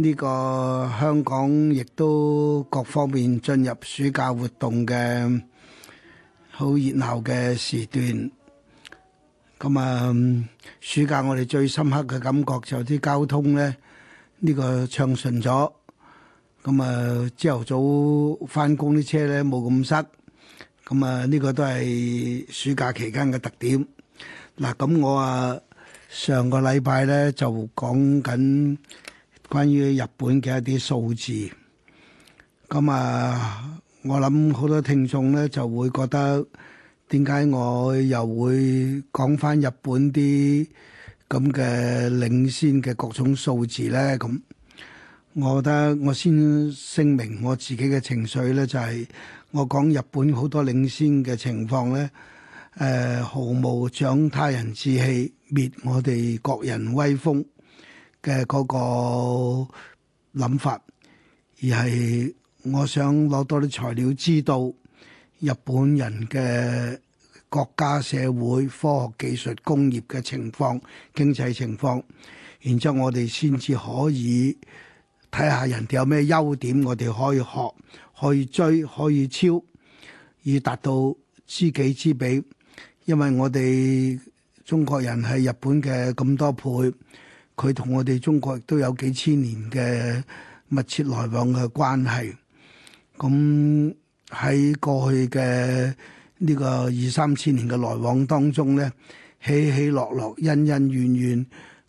呢個香港亦都各方面進入暑假活動嘅好熱鬧嘅時段。咁、嗯、啊，暑假我哋最深刻嘅感覺就啲交通咧，呢、這個暢順咗。咁、嗯、啊，朝頭早翻工啲車咧冇咁塞。咁、嗯、啊，呢、這個都係暑假期間嘅特點。嗱、啊，咁我啊上個禮拜咧就講緊。關於日本嘅一啲數字，咁、嗯、啊，我諗好多聽眾咧就會覺得點解我又會講返日本啲咁嘅領先嘅各種數字咧？咁、嗯，我覺得我先聲明我自己嘅情緒咧，就係、是、我講日本好多領先嘅情況咧，誒、呃、毫無長他人志氣，滅我哋國人威風。嘅嗰個諗法，而係我想攞多啲材料，知道日本人嘅國家、社會、科學、技術、工業嘅情況、經濟情況，然之後，我哋先至可以睇下人哋有咩優點，我哋可以學、可以追、可以超，以達到知己知彼。因為我哋中國人係日本嘅咁多倍。佢同我哋中國亦都有幾千年嘅密切來往嘅關係。咁、嗯、喺過去嘅呢個二三千年嘅來往當中咧，起起落落、恩恩怨怨，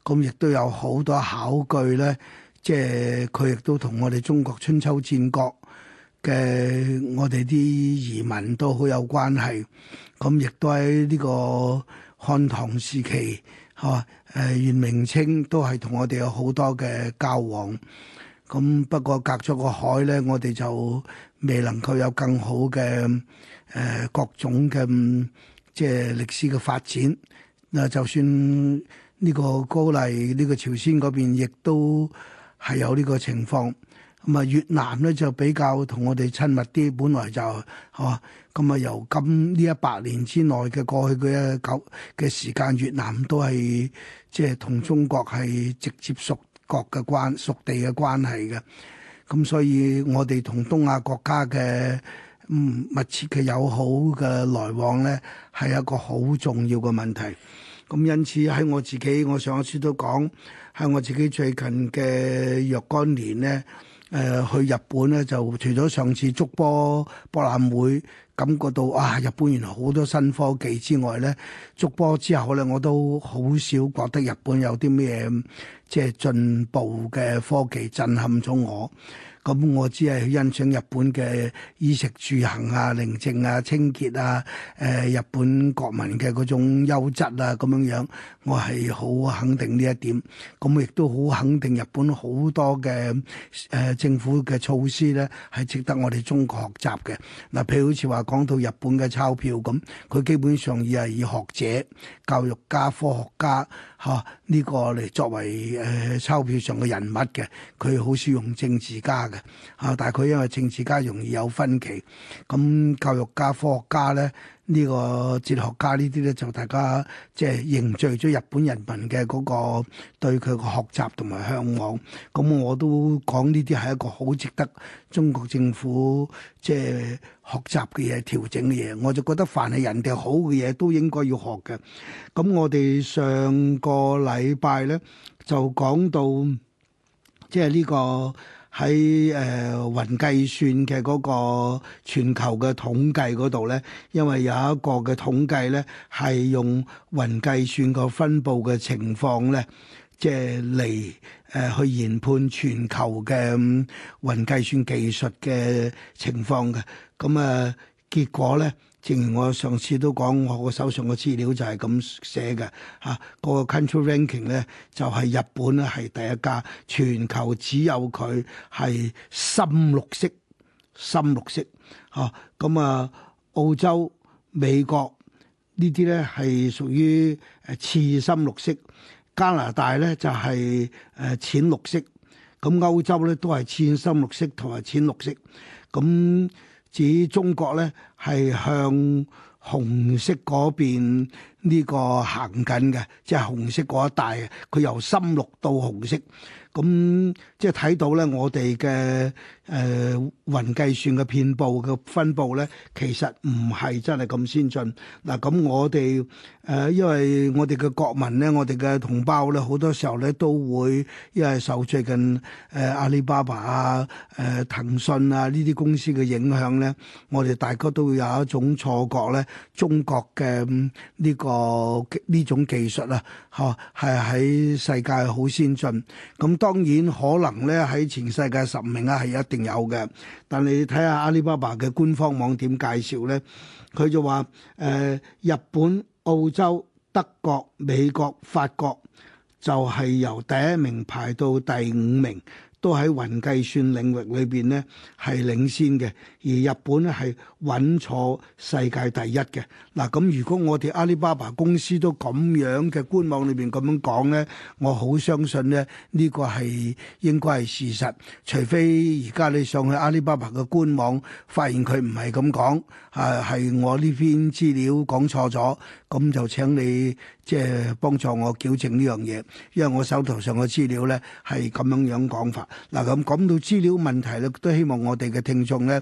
咁、嗯、亦都有好多考據咧。即係佢亦都同我哋中國春秋戰國嘅我哋啲移民都好有關係。咁、嗯、亦都喺呢個漢唐時期。嚇！誒元、哦、明清都係同我哋有好多嘅交往，咁不過隔咗個海咧，我哋就未能夠有更好嘅誒、呃、各種嘅即係歷史嘅發展。誒，就算呢個高麗、呢、呢個朝鮮嗰邊，亦都係有呢個情況。咁啊，越南咧就比較同我哋親密啲，本來就係咁啊，由今呢一百年之內嘅過去嘅九嘅時間，越南都係即係同中國係直接屬國嘅關屬地嘅關係嘅。咁、嗯、所以我哋同東亞國家嘅、嗯、密切嘅友好嘅來往咧，係一個好重要嘅問題。咁、嗯、因此喺我自己，我上一次都講喺我自己最近嘅若干年咧。誒、呃、去日本咧，就除咗上次筑波博覽會感覺到啊，日本原來好多新科技之外咧，筑波之後咧，我都好少覺得日本有啲咩即係進步嘅科技震撼咗我。咁、嗯、我只係去欣賞日本嘅衣食住行啊、寧靜啊、清潔啊、誒、呃、日本國民嘅嗰種優質啊咁樣樣，我係好肯定呢一點。咁、嗯、亦都好肯定日本好多嘅誒、呃、政府嘅措施咧，係值得我哋中國學習嘅。嗱、嗯，譬如好似話講到日本嘅鈔票咁，佢基本上以係以學者、教育家、科學家。嚇！呢、啊，這個嚟作為誒鈔、呃、票上嘅人物嘅，佢好少用政治家嘅嚇、啊，但係佢因為政治家容易有分歧，咁、嗯、教育家、科學家咧。呢個哲學家呢啲咧，就大家即係凝聚咗日本人民嘅嗰個對佢嘅學習同埋向往。咁我都講呢啲係一個好值得中國政府即係學習嘅嘢、調整嘅嘢。我就覺得，凡係人哋好嘅嘢，都應該要學嘅。咁我哋上個禮拜咧就講到即係呢個。喺誒、呃、雲計算嘅嗰個全球嘅統計嗰度咧，因為有一個嘅統計咧，係用雲計算個分佈嘅情況咧，即係嚟誒去研判全球嘅雲計算技術嘅情況嘅，咁啊～結果咧，正如我上次都講，我手上個資料就係咁寫嘅嚇。啊那個 control ranking 咧就係、是、日本咧係第一家，全球只有佢係深綠色，深綠色嚇。咁啊，啊，澳洲、美國呢啲咧係屬於誒次深綠色，加拿大咧就係誒淺綠色。咁、啊、歐洲咧都係次深綠色同埋淺綠色，咁、啊。指中國咧，係向紅色嗰邊呢個行緊嘅，即係紅色嗰一帶，佢由深綠到紅色，咁。即係睇到咧，我哋嘅誒雲計算嘅遍布嘅分佈咧，其實唔係真係咁先進。嗱，咁我哋誒，因為我哋嘅國民咧，我哋嘅同胞咧，好多時候咧都會因為受最近誒阿里巴巴啊、誒騰訊啊呢啲公司嘅影響咧，我哋大家都會有一種錯覺咧，中國嘅呢個呢種技術啊，吓係喺世界好先進。咁當然可能。能咧喺全世界十名啊，係一定有嘅。但你睇下阿里巴巴嘅官方網點介紹咧，佢就話誒、呃，日本、澳洲、德國、美國、法國就係由第一名排到第五名，都喺雲計算領域裏邊咧係領先嘅。而日本咧係穩坐世界第一嘅。嗱，咁如果我哋阿里巴巴公司都咁樣嘅官網裏邊咁樣講咧，我好相信咧呢個係應該係事實。除非而家你上去阿里巴巴嘅官網，發現佢唔係咁講，啊係我呢篇資料講錯咗，咁就請你即係幫助我矯正呢樣嘢，因為我手頭上嘅資料咧係咁樣樣講法。嗱，咁講到資料問題咧，都希望我哋嘅聽眾咧。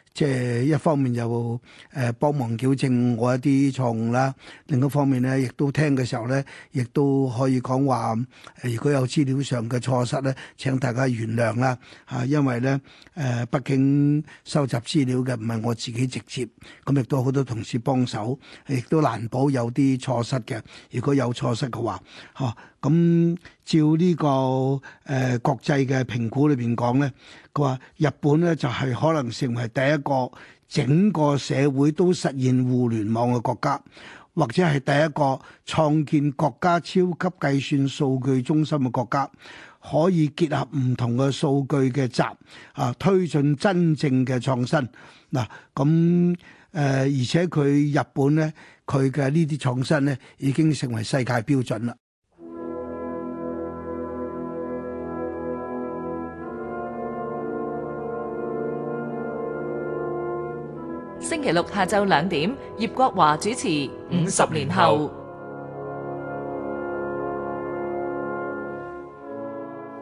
即係一方面就誒幫忙矯正我一啲錯誤啦，另一方面咧亦都聽嘅時候咧，亦都可以講話誒如果有資料上嘅錯失咧，請大家原諒啦嚇，因為咧誒畢竟收集資料嘅唔係我自己直接，咁亦都好多同事幫手，亦都難保有啲錯失嘅。如果有錯失嘅話吓咁照呢個誒國際嘅評估裏邊講咧，佢話日本咧就係可能成為第一。一個整個社會都實現互聯網嘅國家，或者係第一個創建國家超級計算數據中心嘅國家，可以結合唔同嘅數據嘅集啊，推進真正嘅創新。嗱、啊，咁誒、呃，而且佢日本咧，佢嘅呢啲創新咧，已經成為世界標準啦。六下晝兩點，葉國華主持。五十年後，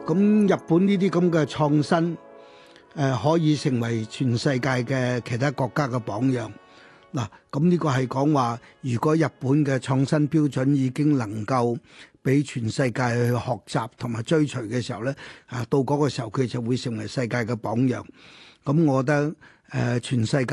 咁日本呢啲咁嘅創新，誒可以成為全世界嘅其他國家嘅榜樣。嗱，咁呢個係講話，如果日本嘅創新標準已經能夠俾全世界去學習同埋追隨嘅時候咧，啊，到嗰個時候佢就會成為世界嘅榜樣。咁，我覺得。誒、呃，全世界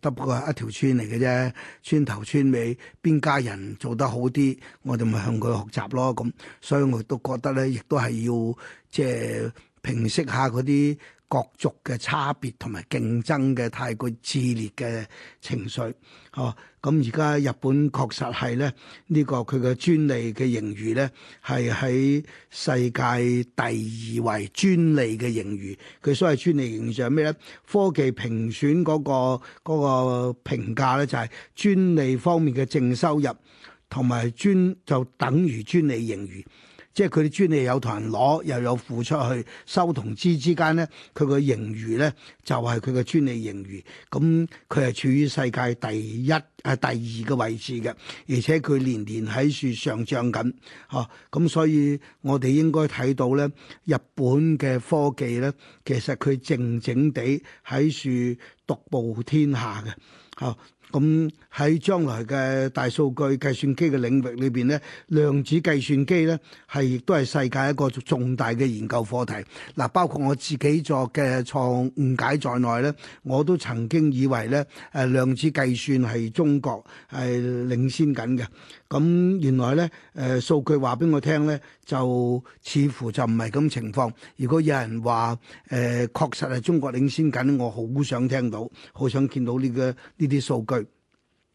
得嗰一條村嚟嘅啫，村頭村尾邊家人做得好啲，我哋咪向佢學習咯。咁，所以我都覺得咧，亦都係要即係平息下嗰啲各族嘅差別同埋競爭嘅太過熾烈嘅情緒，嚇、啊。咁而家日本確實係咧，呢個佢嘅專利嘅盈餘咧，係喺世界第二位專利嘅盈餘。佢所謂專利盈餘係咩咧？科技評選嗰個嗰個評價咧，就係專利方面嘅淨收入同埋專就等於專利盈餘。即係佢啲專利有同人攞，又有付出去收同資之間咧，佢個盈餘咧就係佢嘅專利盈餘。咁佢係處於世界第一啊第二嘅位置嘅，而且佢年年喺處上漲緊。嚇咁、嗯，所以我哋應該睇到咧，日本嘅科技咧，其實佢靜靜地喺處獨步天下嘅。嚇咁。嗯喺將來嘅大數據計算機嘅領域裏邊咧，量子計算機咧係亦都係世界一個重大嘅研究課題。嗱，包括我自己作嘅錯誤解在內咧，我都曾經以為咧，誒量子計算係中國係領先緊嘅。咁原來咧，誒數據話俾我聽咧，就似乎就唔係咁情況。如果有人話誒確實係中國領先緊，我好想聽到，好想見到呢個、呢啲數據。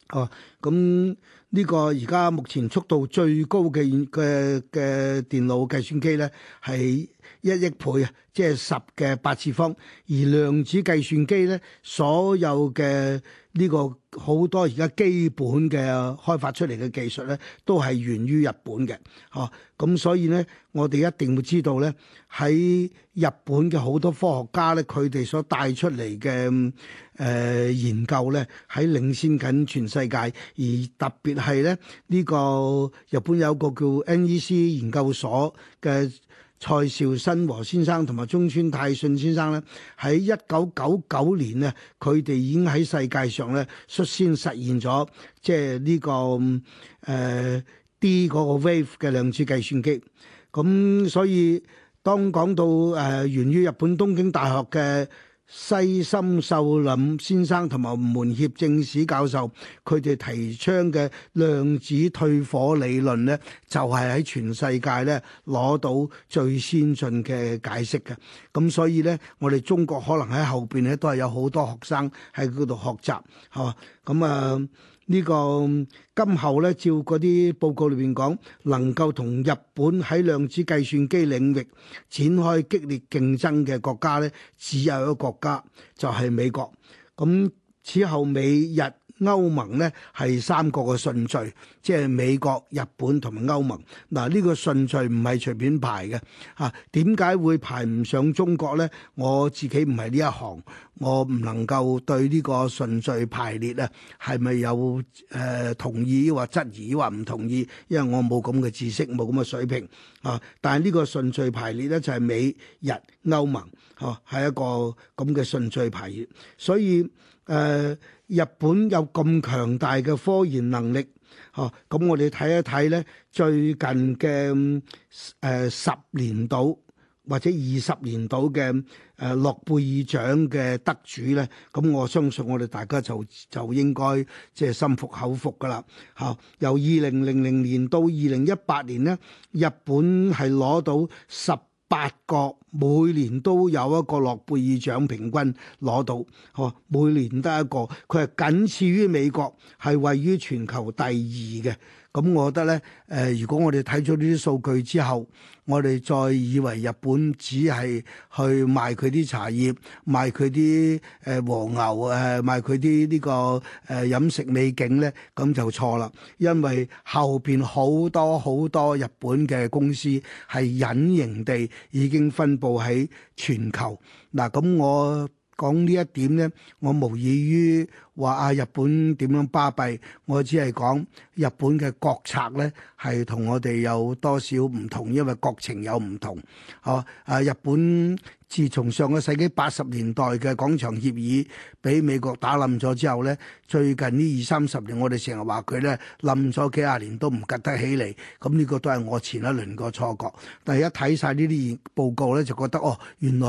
哦，咁、這、呢個而家目前速度最高嘅嘅嘅電腦計算機咧，係一億倍，即係十嘅八次方，而量子計算機咧，所有嘅。呢個好多而家基本嘅開發出嚟嘅技術咧，都係源於日本嘅，嚇、啊。咁所以咧，我哋一定會知道咧，喺日本嘅好多科學家咧，佢哋所帶出嚟嘅誒研究咧，喺領先緊全世界。而特別係咧，呢、呢個日本有個叫 NEC 研究所嘅。蔡兆新和先生同埋中村泰信先生咧，喺一九九九年咧，佢哋已經喺世界上咧率先實現咗即係呢、這個誒、呃、D 嗰個 wave 嘅量子計算機。咁、嗯、所以當講到誒、呃、源於日本東京大學嘅。西森秀林先生同埋門協正史教授，佢哋提倡嘅量子退火理論咧，就係、是、喺全世界咧攞到最先進嘅解釋嘅。咁所以咧，我哋中國可能喺後邊咧，都係有好多學生喺嗰度學習，吓咁啊。呢個今後咧，照嗰啲報告裏邊講，能夠同日本喺量子計算機領域展開激烈競爭嘅國家咧，只有一個國家，就係美國，咁此後美日。歐盟咧係三國嘅順序，即係美國、日本同埋歐盟。嗱，呢、這個順序唔係隨便排嘅嚇。點、啊、解會排唔上中國咧？我自己唔係呢一行，我唔能夠對呢個順序排列啊，係咪有誒、呃、同意或質疑或唔同意？因為我冇咁嘅知識，冇咁嘅水平啊。但係呢個順序排列咧就係、是、美日歐盟，嗬、啊，係一個咁嘅順序排列，所以。誒日本有咁強大嘅科研能力，嚇，咁我哋睇一睇咧，最近嘅誒十年度或者二十年度嘅誒諾貝爾獎嘅得主咧，咁我相信我哋大家就就應該即係心服口服㗎啦。嚇，由二零零零年到二零一八年咧，日本係攞到十八個。每年都有一個諾貝爾獎平均攞到，嗬，每年得一個，佢係僅次於美國，係位於全球第二嘅。咁我覺得咧，誒如果我哋睇咗呢啲數據之後，我哋再以為日本只係去賣佢啲茶葉、賣佢啲誒和牛、誒賣佢啲呢個誒飲食美景咧，咁就錯啦。因為後邊好多好多日本嘅公司係隱形地已經分佈喺全球。嗱，咁我講呢一點咧，我無異於，話啊，日本點樣巴閉？我只係講日本嘅國策呢係同我哋有多少唔同，因為國情有唔同。哦，啊日本自從上個世紀八十年代嘅廣場協議俾美國打冧咗之後呢，最近呢二三十年，我哋成日話佢呢冧咗幾廿年都唔及得起嚟，咁呢個都係我前一輪個錯覺。但係一睇晒呢啲報告呢，就覺得哦，原來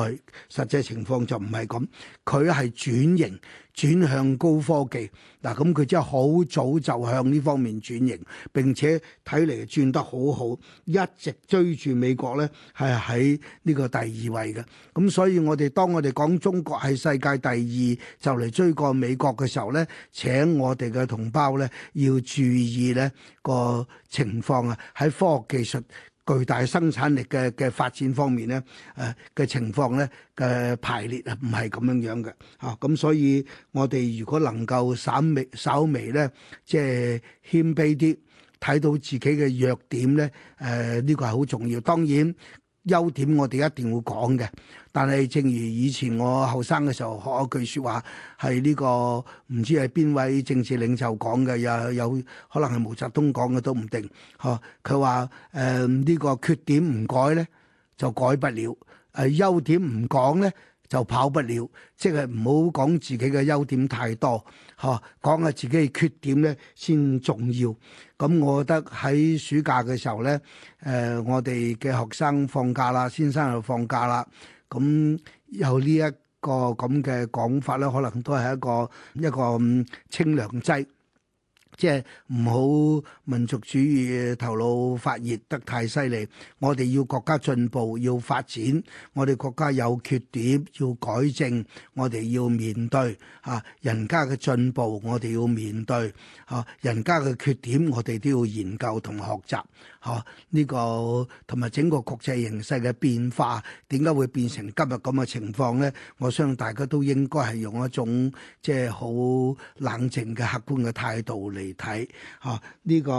實際情況就唔係咁，佢係轉型。轉向高科技，嗱，咁佢真係好早就向呢方面轉型，並且睇嚟轉得好好，一直追住美國咧，係喺呢個第二位嘅。咁所以我哋當我哋講中國係世界第二，就嚟追過美國嘅時候咧，請我哋嘅同胞咧要注意咧個情況啊，喺科學技術。巨大生產力嘅嘅發展方面咧，誒、呃、嘅情況咧嘅、呃、排列啊，唔係咁樣樣嘅，啊咁所以我哋如果能夠稍微稍微咧，即係謙卑啲，睇到自己嘅弱點咧，誒、呃、呢、呢個係好重要。當然。優點我哋一定會講嘅，但係正如以前我後生嘅時候學一句説話，係呢個唔知係邊位政治領袖講嘅，又有，有可能係毛澤東講嘅都唔定。嚇，佢話誒呢個缺點唔改咧，就改不了；誒、呃、優點唔講咧，就跑不了，即係唔好講自己嘅優點太多，吓講下自己嘅缺點咧先重要。咁我覺得喺暑假嘅時候咧，誒、呃、我哋嘅學生放假啦，先生又放假啦，咁有這這呢一個咁嘅講法咧，可能都係一個一個清涼劑。即係唔好民族主義頭腦發熱得太犀利。我哋要國家進步，要發展。我哋國家有缺點，要改正。我哋要面對啊人家嘅進步，我哋要面對啊人家嘅缺點，我哋都要研究同學習嚇呢個同埋整個國際形勢嘅變化，點解會變成今日咁嘅情況咧？我相信大家都應該係用一種即係好冷靜嘅客觀嘅態度嚟。睇嚇呢個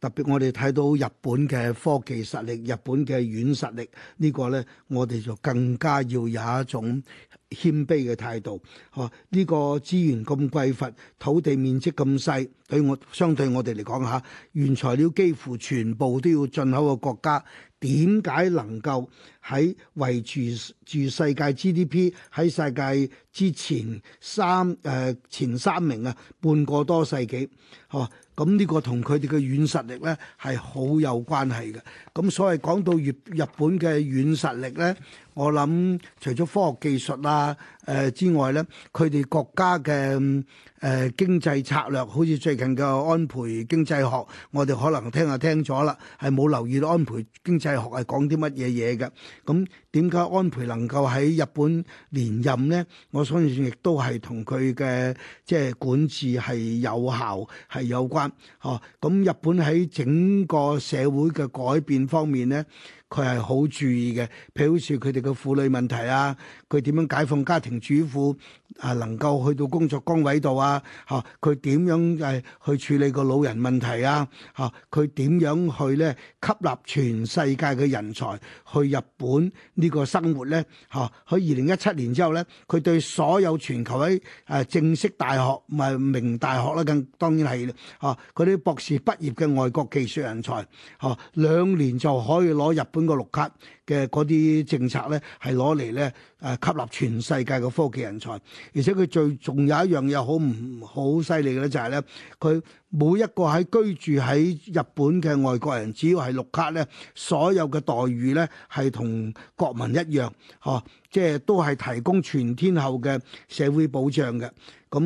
特別，我哋睇到日本嘅科技實力、日本嘅軟實力，這個、呢個咧我哋就更加要有一種謙卑嘅態度。嚇，呢個資源咁匱乏，土地面積咁細，對我相對我哋嚟講嚇，原材料幾乎全部都要進口嘅國家。點解能夠喺維持住世界 GDP 喺世界之前三誒、呃、前三名啊？半個多世紀，嚇，咁呢個同佢哋嘅軟實力咧，係好有關係嘅。咁所謂講到日日本嘅軟實力咧。我諗除咗科學技術啊，誒、呃、之外咧，佢哋國家嘅誒、呃、經濟策略，好似最近嘅安倍經濟學，我哋可能聽就聽咗啦，係冇留意到安倍經濟學係講啲乜嘢嘢嘅。咁點解安倍能夠喺日本連任咧？我相信亦都係同佢嘅即係管治係有效係有關。哦、嗯，咁、嗯嗯、日本喺整個社會嘅改變方面咧。佢係好注意嘅，譬如好似佢哋嘅婦女問題啊。佢點樣解放家庭主婦啊？能夠去到工作崗位度啊？嚇、啊！佢點樣誒去處理個老人問題啊？嚇、啊！佢點樣去咧吸納全世界嘅人才去日本呢個生活咧？嚇、啊！喺二零一七年之後咧，佢對所有全球喺誒正式大學唔係名大學啦，更當然係嚇嗰啲博士畢業嘅外國技術人才嚇、啊，兩年就可以攞日本個綠卡。嘅嗰啲政策咧，係攞嚟咧誒吸納全世界嘅科技人才，而且佢最仲有一樣嘢好唔好犀利嘅咧，就係咧佢。每一個喺居住喺日本嘅外國人，只要係綠卡咧，所有嘅待遇咧係同國民一樣，嚇、哦，即係都係提供全天候嘅社會保障嘅。咁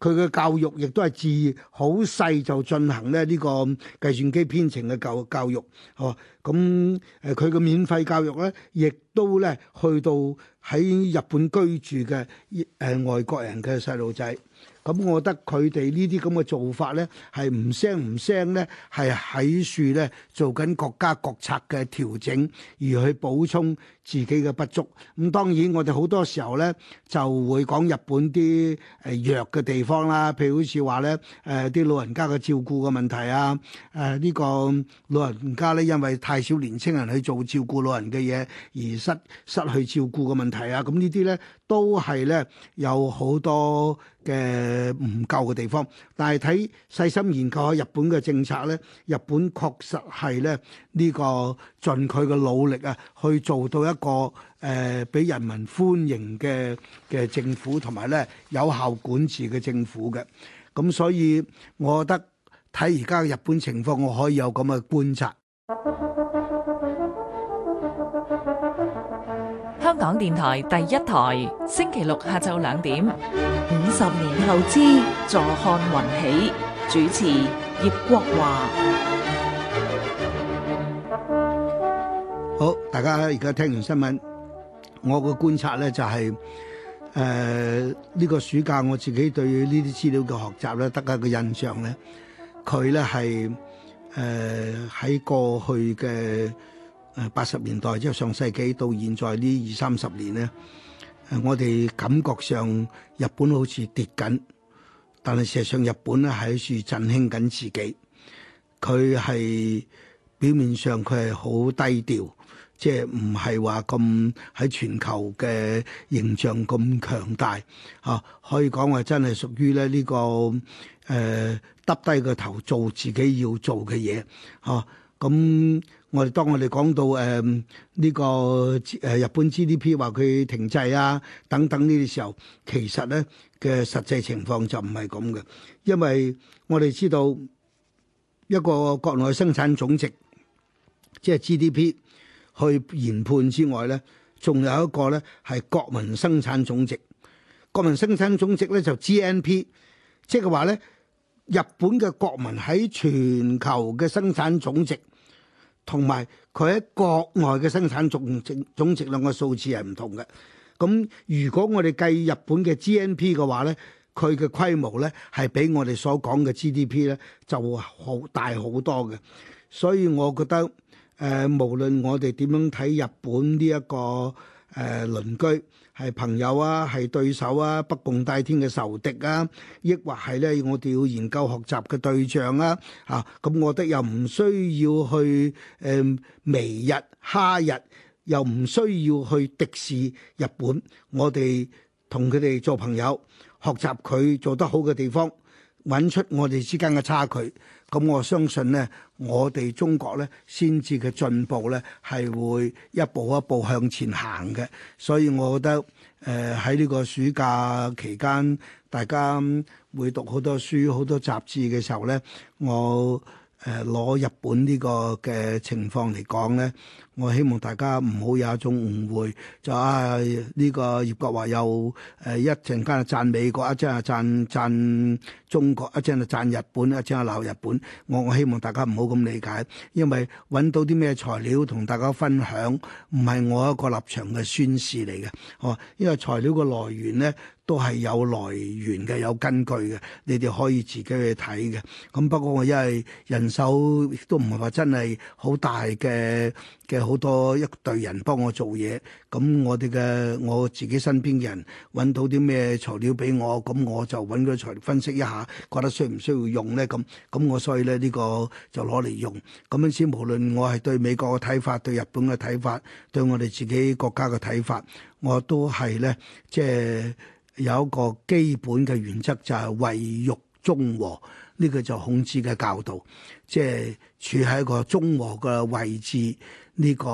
佢嘅教育亦都係自好細就進行咧呢個計算機編程嘅教教育，嚇、嗯。咁誒佢嘅免費教育咧，亦都咧去到喺日本居住嘅誒、呃、外國人嘅細路仔。咁，我覺得佢哋呢啲咁嘅做法咧，係唔聲唔聲咧，係喺樹咧做緊國家國策嘅調整，而去補充。自己嘅不足，咁、嗯、當然我哋好多時候咧就會講日本啲誒弱嘅地方啦，譬如好似話咧誒啲老人家嘅照顧嘅問題啊，誒、呃、呢、呢個老人家咧因為太少年青人去做照顧老人嘅嘢而失失去照顧嘅問題啊，咁、嗯、呢啲咧都係咧有好多嘅唔夠嘅地方，但係睇細心研究下日本嘅政策咧，日本確實係咧呢、呢個。盡佢嘅努力啊，去做到一個誒，俾、呃、人民歡迎嘅嘅政府，同埋咧有效管治嘅政府嘅。咁、嗯、所以，我覺得睇而家嘅日本情況，我可以有咁嘅觀察。香港電台第一台，星期六下晝兩點，五十年後之坐看雲起，主持葉國華。好，大家而家聽完新聞，我個觀察咧就係誒呢個暑假我自己對呢啲資料嘅學習咧得一個印象咧，佢咧係誒喺過去嘅誒八十年代即係上世紀到現在呢二三十年咧，我哋感覺上日本好似跌緊，但係事實上日本咧係喺處振興緊自己，佢係表面上佢係好低調。即係唔係話咁喺全球嘅形象咁強大啊，可以講話真係屬於咧、這、呢個誒耷低個頭做自己要做嘅嘢嚇。咁、啊、我哋當我哋講到誒呢、呃這個誒日本 GDP 話佢停滯啊等等呢啲時候，其實咧嘅實際情況就唔係咁嘅，因為我哋知道一個國內生產總值即係 GDP。去研判之外呢，仲有一個呢係國民生產總值。國民生產總值呢，就 GNP，即係話呢，日本嘅國民喺全球嘅生產總值同埋佢喺國外嘅生產總值，總值兩個數字係唔同嘅。咁如果我哋計日本嘅 GNP 嘅話呢，佢嘅規模呢，係比我哋所講嘅 GDP 呢，就會好大好多嘅。所以我覺得。誒，無論我哋點樣睇日本呢一個誒鄰居，係朋友啊，係對手啊，不共戴天嘅仇敵啊，抑或係咧我哋要研究學習嘅對象啊。嚇、啊，咁我哋又唔需要去誒、呃、微日蝦日，又唔需要去敵視日本，我哋同佢哋做朋友，學習佢做得好嘅地方。揾出我哋之間嘅差距，咁我相信咧，我哋中國咧先至嘅進步咧係會一步一步向前行嘅，所以我覺得誒喺呢個暑假期間，大家會讀好多書、好多雜誌嘅時候咧，我。誒攞日本呢個嘅情況嚟講咧，我希望大家唔好有一種誤會，就啊呢個葉國華又誒一陣間讚美國，一陣啊讚讚中國，一陣啊讚日本，一陣啊鬧日本。我我希望大家唔好咁理解，因為揾到啲咩材料同大家分享，唔係我一個立場嘅宣示嚟嘅，哦、啊，因為材料嘅來源咧。都係有來源嘅，有根據嘅，你哋可以自己去睇嘅。咁不過我因為人手亦都唔係話真係好大嘅嘅好多一隊人幫我做嘢。咁我哋嘅我自己身邊嘅人揾到啲咩材料俾我，咁我就揾嗰材料分析一下，覺得需唔需要用咧？咁咁我所以咧呢，呢個就攞嚟用。咁樣先無論我係對美國嘅睇法、對日本嘅睇法、對我哋自己國家嘅睇法，我都係咧即係。有一個基本嘅原則就係位育中和，呢、這個就孔子嘅教導，即係處喺一個中和嘅位置，呢、這個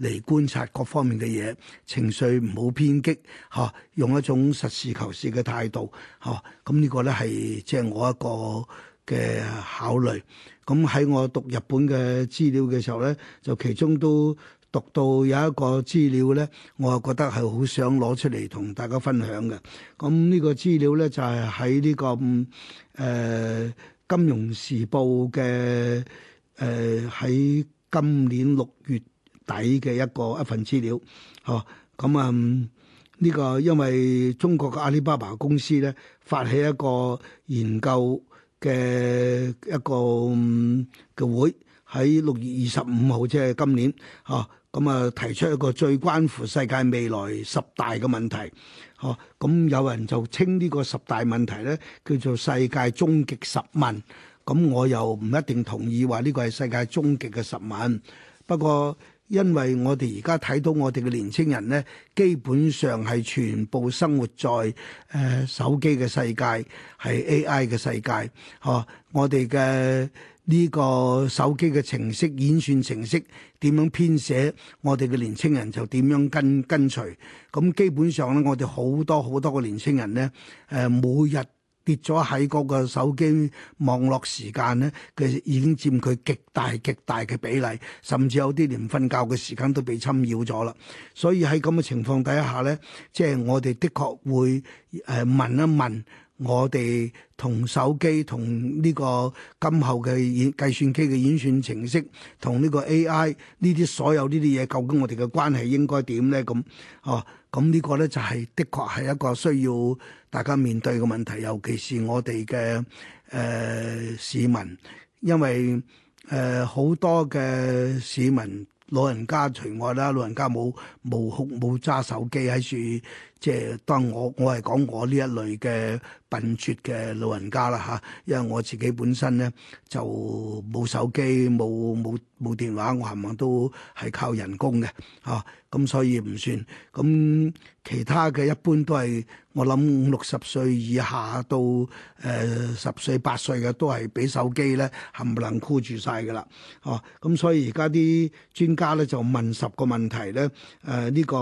嚟觀察各方面嘅嘢，情緒唔好偏激，嚇、啊，用一種實事求是嘅態度，嚇、啊，咁呢個咧係即係我一個嘅考慮。咁喺我讀日本嘅資料嘅時候咧，就其中都。讀到有一個資料咧，我係覺得係好想攞出嚟同大家分享嘅。咁、嗯這個、呢、就是這個資料咧就係喺呢個誒《金融時報》嘅誒喺今年六月底嘅一個一份資料。哦，咁啊呢個因為中國嘅阿里巴巴公司咧發起一個研究嘅一個嘅、嗯、會喺六月二十五號，即、就、係、是、今年，嚇。咁啊、嗯，提出一個最關乎世界未來十大嘅問題。呵、嗯，咁、嗯、有人就稱呢個十大問題咧，叫做世界終極十問。咁、嗯、我又唔一定同意話呢個係世界終極嘅十問，不過因為我哋而家睇到我哋嘅年青人咧，基本上係全部生活在誒、呃、手機嘅世界，係 A.I. 嘅世界，呵、嗯，我哋嘅。呢個手機嘅程式演算程式點樣編寫，我哋嘅年青人就點樣跟跟隨。咁基本上咧，我哋好多好多嘅年青人咧，誒、呃、每日跌咗喺個手機網絡時間咧，佢已經佔佢極大極大嘅比例，甚至有啲連瞓覺嘅時間都被侵擾咗啦。所以喺咁嘅情況底下咧，即係我哋的確會誒、呃、問一問。我哋同手機同呢個今後嘅演計算機嘅演算程式同呢個 AI 呢啲所有呢啲嘢，究竟我哋嘅關係應該點咧？咁、嗯、哦，咁、嗯、呢、這個咧就係、是、的確係一個需要大家面對嘅問題，尤其是我哋嘅誒市民，因為誒好、呃、多嘅市民老人家除外啦，老人家冇冇冇揸手機喺處。即係當我我係講我呢一類嘅笨拙嘅老人家啦嚇，因為我自己本身咧就冇手機冇冇冇電話，我冚唪唥都係靠人工嘅嚇，咁、啊嗯、所以唔算。咁、嗯、其他嘅一般都係我諗六十歲以下到誒十、呃、歲八歲嘅都係俾手機咧，冚唪唥箍住晒㗎啦？哦、啊，咁、嗯、所以而家啲專家咧就問十個問題咧，誒、呃、呢、這個。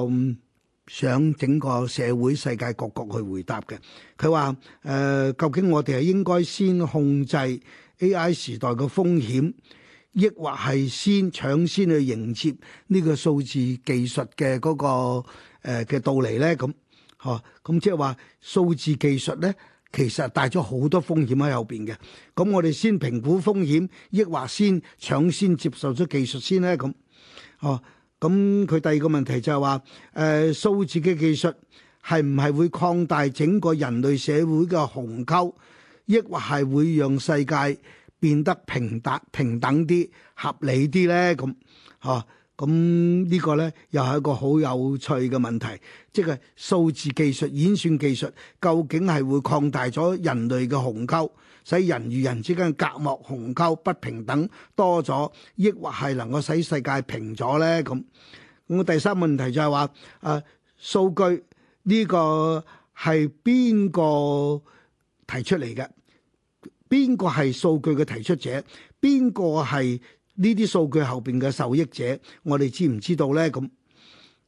想整個社會世界各國去回答嘅，佢話：誒、呃，究竟我哋係應該先控制 AI 時代嘅風險，抑或係先搶先去迎接呢個數字技術嘅嗰、那個嘅到嚟咧？咁、呃，嚇咁、嗯嗯、即係話數字技術咧，其實帶咗好多風險喺後邊嘅。咁、嗯、我哋先評估風險，抑或先搶先接受咗技術先咧？咁、嗯，哦、嗯。嗯咁佢第二個問題就係話，誒、呃、數字嘅技術係唔係會擴大整個人類社會嘅鴻溝，抑或係會讓世界變得平等、平等啲、合理啲咧？咁，嚇、啊。咁呢個咧又係一個好有趣嘅問題，即係數字技術、演算技術究竟係會擴大咗人類嘅鴻溝，使人與人之間嘅隔膜、鴻溝、不平等多咗，抑或係能夠使世界平咗咧？咁我第三問題就係話，誒、呃、數據呢個係邊個提出嚟嘅？邊個係數據嘅提出者？邊個係？呢啲數據後邊嘅受益者，我哋知唔知道呢？咁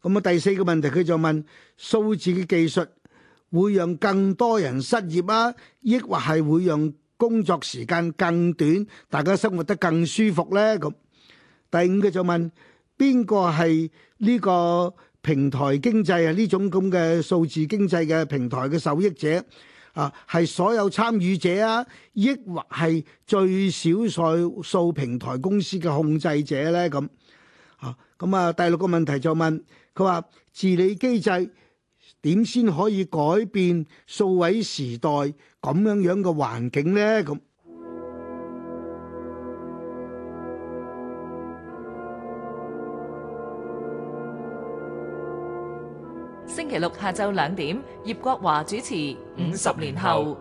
咁啊，第四個問題佢就問數字嘅技術會讓更多人失業啊，抑或係會讓工作時間更短，大家生活得更舒服呢？咁第五個就問邊個係呢個平台經濟啊？呢種咁嘅數字經濟嘅平台嘅受益者？啊，係所有參與者啊，抑或係最少數數平台公司嘅控制者呢？咁啊，咁啊，啊，第六個問題就問佢話：治理機制點先可以改變數位時代咁樣樣嘅環境呢？啊」咁。星期六下晝兩點，葉國華主持《五十年後》。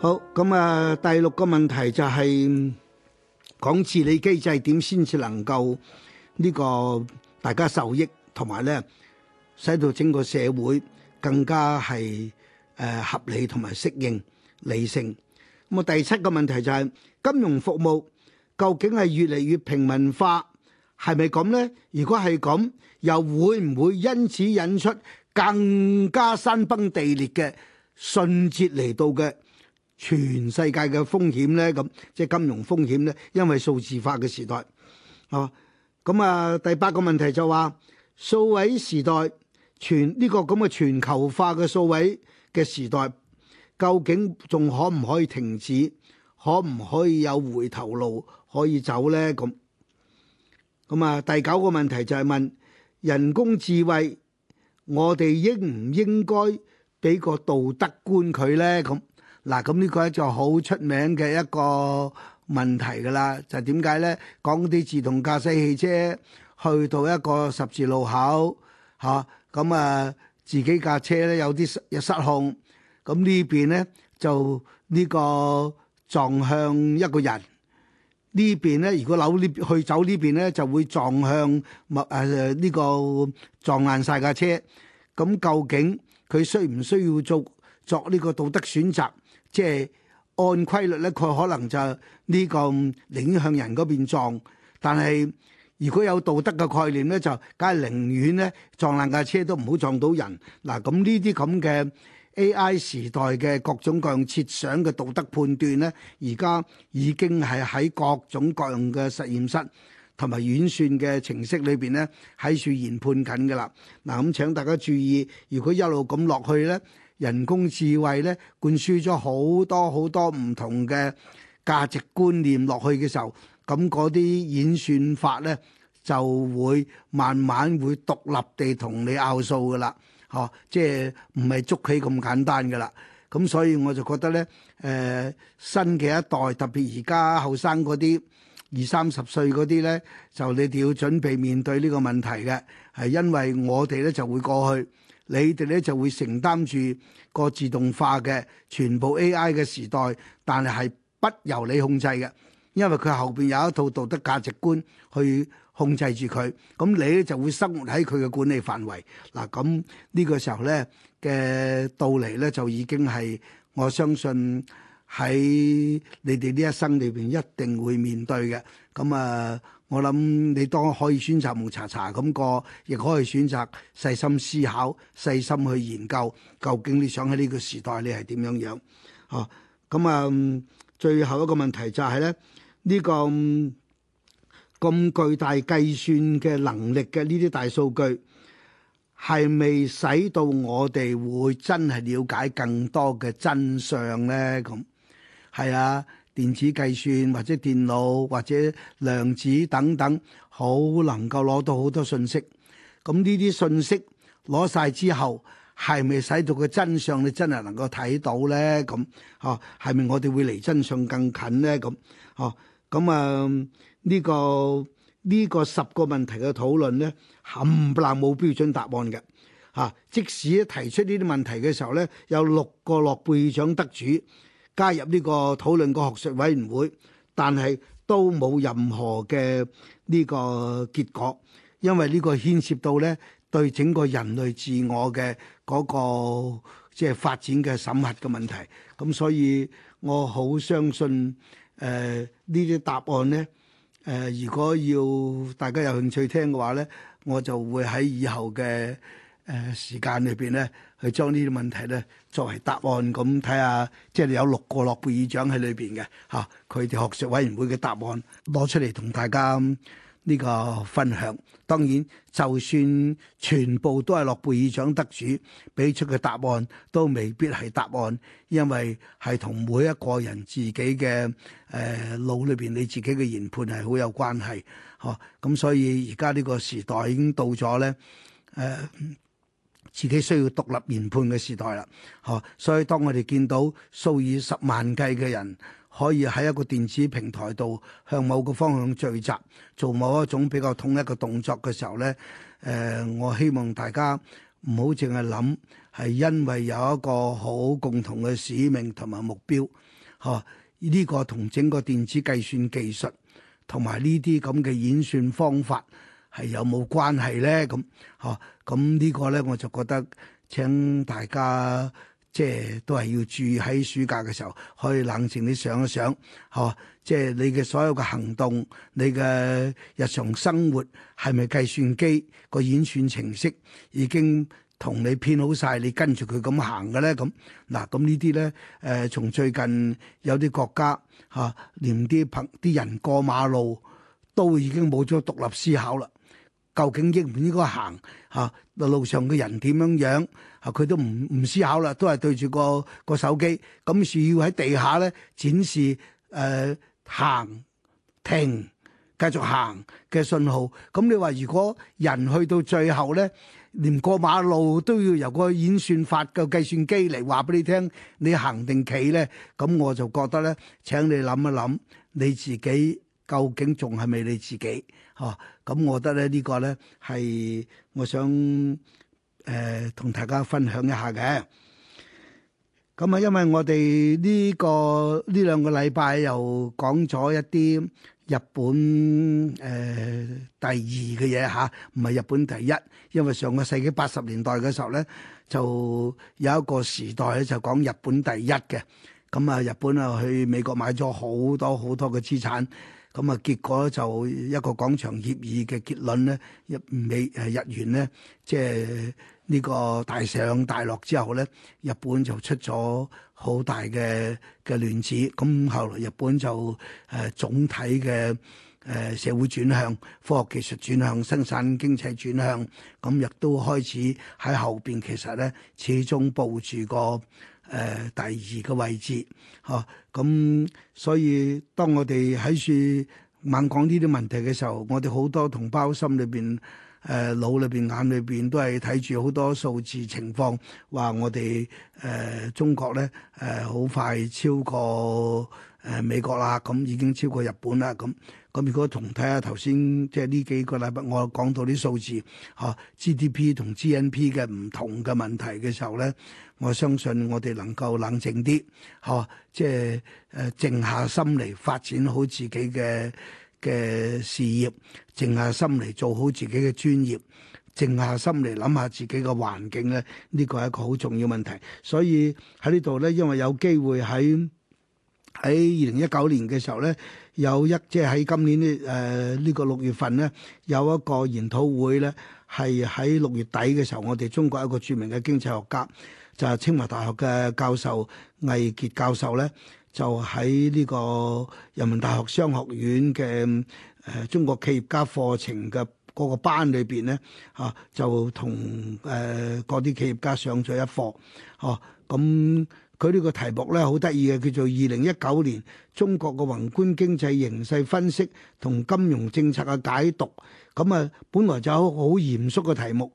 好，咁啊，第六個問題就係講治理機制點先至能夠呢個大家受益，同埋咧使到整個社會更加係誒合理同埋適應理性。咁啊，第七個問題就係金融服務究竟係越嚟越平民化？係咪咁呢？如果係咁，又會唔會因此引出更加山崩地裂嘅瞬即嚟到嘅全世界嘅風險呢？咁即係金融風險呢？因為數字化嘅時代啊，咁啊，第八個問題就話、是，數位時代全呢、這個咁嘅全球化嘅數位嘅時代，究竟仲可唔可以停止？可唔可以有回頭路可以走呢？咁？咁啊，第九個問題就係問人工智慧，我哋應唔應該俾個道德觀佢咧？咁嗱，咁呢個咧就好出名嘅一個問題㗎啦。就點解咧？講啲自動駕駛汽車去到一個十字路口吓，咁啊，啊，自己架車咧有啲有失，失控，咁呢邊咧就呢個撞向一個人。邊呢邊咧，如果扭呢去走邊呢邊咧，就會撞向物誒呢個撞爛晒架車。咁、嗯、究竟佢需唔需要做作呢個道德選擇？即係按規律咧，佢可能就呢個寧願向人嗰邊撞。但係如果有道德嘅概念咧，就梗係寧願咧撞爛架車都唔好撞到人。嗱、啊，咁呢啲咁嘅。這 A.I. 時代嘅各種各樣設想嘅道德判斷咧，而家已經係喺各種各樣嘅實驗室同埋演算嘅程式裏邊咧，喺度研判緊㗎喇。嗱，咁請大家注意，如果一路咁落去咧，人工智慧咧灌輸咗好多好多唔同嘅價值觀念落去嘅時候，咁嗰啲演算法咧就會慢慢會獨立地同你拗數㗎喇。哦，即係唔係捉棋咁簡單嘅啦，咁所以我就覺得咧，誒、呃、新嘅一代，特別而家後生嗰啲二三十歲嗰啲咧，就你哋要準備面對呢個問題嘅，係因為我哋咧就會過去，你哋咧就會承擔住個自動化嘅全部 A.I. 嘅時代，但係係不由你控制嘅，因為佢後邊有一套道德價值觀去。控制住佢，咁你咧就會生活喺佢嘅管理範圍。嗱，咁呢個時候咧嘅到嚟咧，就已經係我相信喺你哋呢一生裏邊一定會面對嘅。咁啊，我諗你當可以選擇懵查查咁過，亦可以選擇細心思考、細心去研究，究竟你想喺呢個時代你係點樣樣。哦，咁啊，最後一個問題就係咧，呢個。咁巨大計算嘅能力嘅呢啲大數據係咪使到我哋會真係了解更多嘅真相呢？咁係啊，電子計算或者電腦或者量子等等，好能夠攞到好多信息。咁呢啲信息攞晒之後，係咪使到嘅真相你真係能夠睇到呢？咁哦，係咪我哋會離真相更近呢？咁哦。啊咁啊，呢、嗯這個呢、這個十個問題嘅討論呢，冚唪唥冇標準答案嘅嚇、啊。即使提出呢啲問題嘅時候呢，有六個諾貝爾獎得主加入呢個討論個學術委員會，但係都冇任何嘅呢個結果，因為呢個牽涉到呢對整個人類自我嘅嗰、那個即係、就是、發展嘅審核嘅問題。咁、嗯、所以我好相信。誒呢啲答案咧，誒如果要大家有興趣聽嘅話咧，我就會喺以後嘅誒時間裏邊咧，去將呢啲問題咧作為答案咁睇下，即係有六個諾貝爾獎喺裏邊嘅嚇，佢哋學術委員會嘅答案攞出嚟同大家。呢個分享，當然就算全部都係諾貝爾獎得主俾出嘅答案，都未必係答案，因為係同每一個人自己嘅誒腦裏邊你自己嘅研判係好有關係，嚇、咁所以而家呢個時代已經到咗呢，誒、呃、自己需要獨立研判嘅時代啦，嚇！所以當我哋見到數以十萬計嘅人。可以喺一個電子平台度向某個方向聚集，做某一種比較統一嘅動作嘅時候咧，誒、呃，我希望大家唔好淨係諗係因為有一個好共同嘅使命同埋目標，嚇、啊、呢、呢個同整個電子計算技術同埋呢啲咁嘅演算方法係有冇關係咧？咁、啊、嚇、啊、咁、呢個、呢個咧我就覺得請大家。即係都係要注意喺暑假嘅時候，可以冷靜啲想一想，嚇、啊！即係你嘅所有嘅行動，你嘅日常生活係咪計算機個演算程式已經同你編好晒，你跟住佢咁行嘅咧？咁嗱，咁呢啲咧，誒、呃，從最近有啲國家嚇、啊，連啲朋啲人過馬路都已經冇咗獨立思考啦。究竟應唔應該行嚇、啊？路上嘅人點樣樣？嚇、啊、佢都唔唔思考啦，都係對住個個手機。咁係要喺地下咧展示誒、呃、行停繼續行嘅信號。咁你話如果人去到最後咧，連過馬路都要由個演算法嘅計算機嚟話俾你聽，你行定企咧？咁我就覺得咧，請你諗一諗你自己。究竟仲係咪你自己？哦，咁我覺得咧呢個咧係我想誒同、呃、大家分享一下嘅。咁、嗯、啊，因為我哋呢、呢個呢兩個禮拜又講咗一啲日本誒、呃、第二嘅嘢吓，唔、啊、係日本第一。因為上個世紀八十年代嘅時候咧，就有一個時代咧就講日本第一嘅。咁、嗯、啊，日本啊去美國買咗好多好多嘅資產。咁啊、嗯，結果就一個廣場協議嘅結論咧，日美誒日元咧，即係呢個大上大落之後咧，日本就出咗好大嘅嘅亂子。咁、嗯、後來日本就誒、呃、總體嘅誒、呃、社會轉向、科學技術轉向、生產經濟轉向，咁、嗯、亦都開始喺後邊其實咧始終佈住個。誒、呃、第二個位置，嗬，咁、嗯、所以當我哋喺處猛講呢啲問題嘅時候，我哋好多同胞心裏邊、誒腦裏邊、眼裏邊都係睇住好多數字情況，話我哋誒、呃、中國咧誒好快超過誒、呃、美國啦，咁、嗯、已經超過日本啦，咁、嗯。咁如果同睇下頭先即係呢幾個禮拜我講到啲數字嚇、啊、GDP 同 GNP 嘅唔同嘅問題嘅時候咧，我相信我哋能夠冷靜啲嚇、啊，即係誒靜下心嚟發展好自己嘅嘅事業，靜下心嚟做好自己嘅專業，靜下心嚟諗下自己嘅環境咧，呢、呢個係一個好重要問題，所以喺呢度咧，因為有機會喺。喺二零一九年嘅時候咧，有一即係喺今年呢誒呢個六月份咧，有一個研討會咧，係喺六月底嘅時候，我哋中國一個著名嘅經濟學家就係、是、清華大學嘅教授魏傑教授咧，就喺呢個人民大學商學院嘅誒、呃、中國企業家課程嘅嗰個班裏邊咧，嚇、啊、就同誒嗰啲企業家上咗一課，嚇、啊、咁。佢呢個題目咧好得意嘅，叫做《二零一九年中國嘅宏觀經濟形勢分析同金融政策嘅解讀》。咁啊，本來就好好嚴肅嘅題目，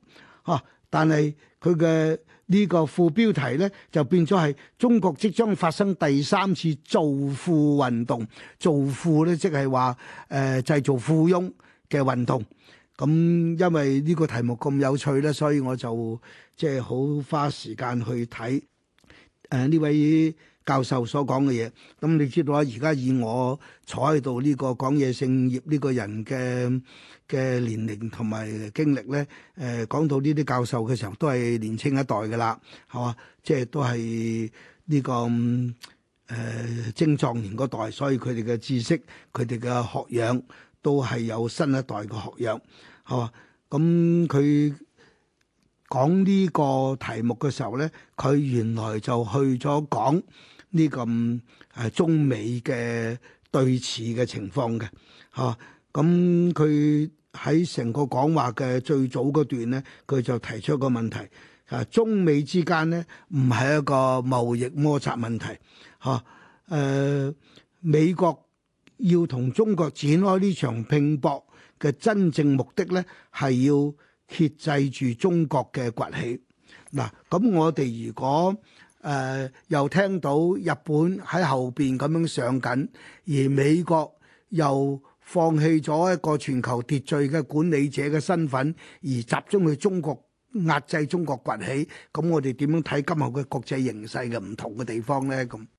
嚇、啊！但係佢嘅呢個副標題咧，就變咗係中國即將發生第三次造富運動。造富咧，即係話誒製造富翁嘅運動。咁、嗯、因為呢個題目咁有趣咧，所以我就即係好花時間去睇。誒呢、呃、位教授所講嘅嘢，咁、嗯、你知道啊？而家以我坐喺度呢個講嘢姓葉呢個人嘅嘅年齡同埋經歷咧，誒、呃、講到呢啲教授嘅時候，都係年青一代嘅啦，係嘛？即係都係呢、這個誒青壯年嗰代，所以佢哋嘅知識、佢哋嘅學養都係有新一代嘅學養，係嘛？咁、嗯、佢。講呢個題目嘅時候咧，佢原來就去咗講呢個誒中美嘅對峙嘅情況嘅，嚇咁佢喺成個講話嘅最早嗰段咧，佢就提出一個問題，啊，中美之間咧唔係一個貿易摩擦問題，嚇、啊、誒、呃、美國要同中國展開呢場拼搏嘅真正目的咧係要遏制住中國嘅崛起，嗱咁我哋如果誒又聽到日本喺後邊咁樣上緊，而美國又放棄咗一個全球秩序嘅管理者嘅身份，而集中去中國壓制中國崛起，咁我哋點樣睇今後嘅國際形勢嘅唔同嘅地方咧？咁？